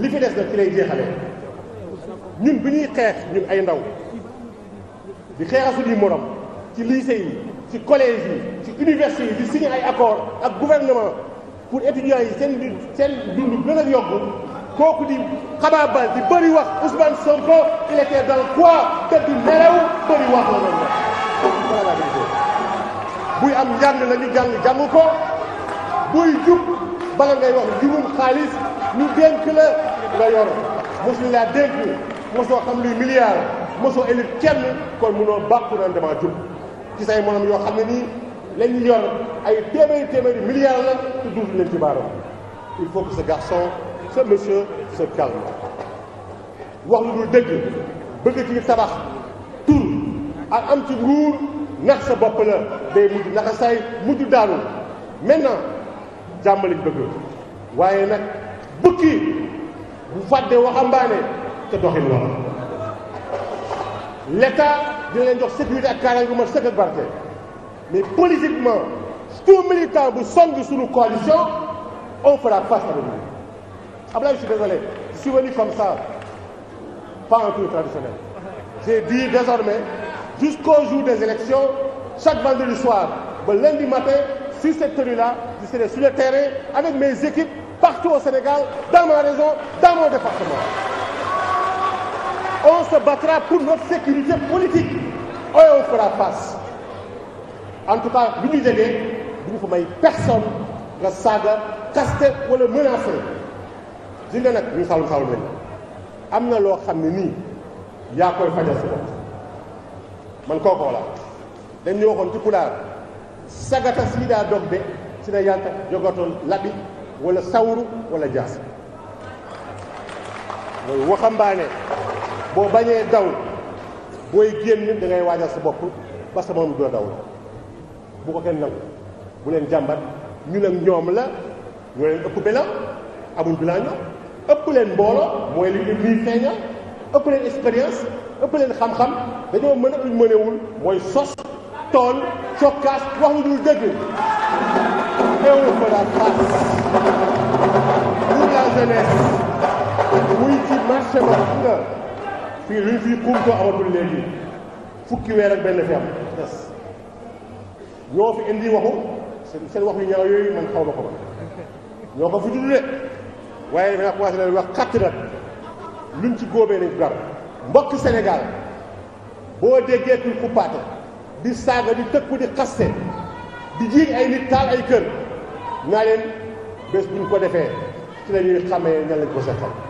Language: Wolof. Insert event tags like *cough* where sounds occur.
li fi des nag ci lay jeexalee ñun bi ñuy xeex ñun ay ndaw di xeexa suñuy morom ci lycée yi ci collège yi ci université yi di signé ay accord ak gouvernement pour étudiants yi seen di seen dund gën a yokku kooku di xabaabal di bëri wax Ousmane Sonko il était dans quoi te du nelaw bëri wax la loolu la buy am njàng la ñu jàng jàng ko buy jub bala ngay wax jumum xaalis ñu dénk la nga yor mosuñu laa dénk mosoo xam luy milliard mosoo élite kenn kon mënoo bàkku dama jub ci say morom yoo xam ne nii lañ yor ay téeméeri téeméeri milliards la te duuf leen ci baaram il faut que ce garçon ce monsieur se calme wax lu dul dëgg bëgg ci tabax tur ak am ci nguur nax sa bopp la day mujj naxa say mujj daanu maintenant jàmm lañ bëgg waaye nag bukki bu fàddee waxambaane te doxin war l'état dina leen jox sécurité ak kaaraange bu ma sëkk ak barke mais politiquement tout militant bu song suñu coalition on fera face avec lui Abdoulaye je en tour désormais jusqu'au jour des élections chaque vendredi soir ba lundi matin sur cette tenue-là, je serai sur le terrain avec mes équipes partout au Sénégal, dans ma région, dans mon département. On se pour notre sécurité politique et on face. En tout cas, lu ñu déggee du ñu fa may personne nga saaga kaste wala menacé di nga nag ñu saalum saalum lañ am na loo xam ne nii yaa koy fajal si man kooku wala dañ ñu waxoon ci sagata siiɗa dogde sina yalta jogoto laɓi walla sawru walla jaas mooy waxambaane boo bañee daw booy génn dangay waajal sa bopp parce que moom du la daw la bu ko kenn nangu bu leen jàmbat ñu nag ñoom la ñoo leen ëpp bela amuñ bi laa ëpp leen mbooloo mooy li ñu nii ëpp leen expérience ëpp leen xam-xam dañoo mën a luñ mënewul mooy sos tool cokkaas wax dul dëgg et on fera face pour la jeunesse muy ci marché ba xam nga fii luñ fii kumtoo amatul léegi fukki weer ak fi am des ñoo fi indi waxu seen seen wax yu ñaaw yooyu man xaw ma ko ma *laughs* ñoo ko fi dundee waaye dafa commencé leen wax xatt nag luñ ci góobee nañ ko boo déggee kuy kuppaate di saaga di tëkku di xaste di jiiñ ay nit taal ay kër naa leen bés bu ñu ko defee ci la ñuy xamee ñan lañ ko seqal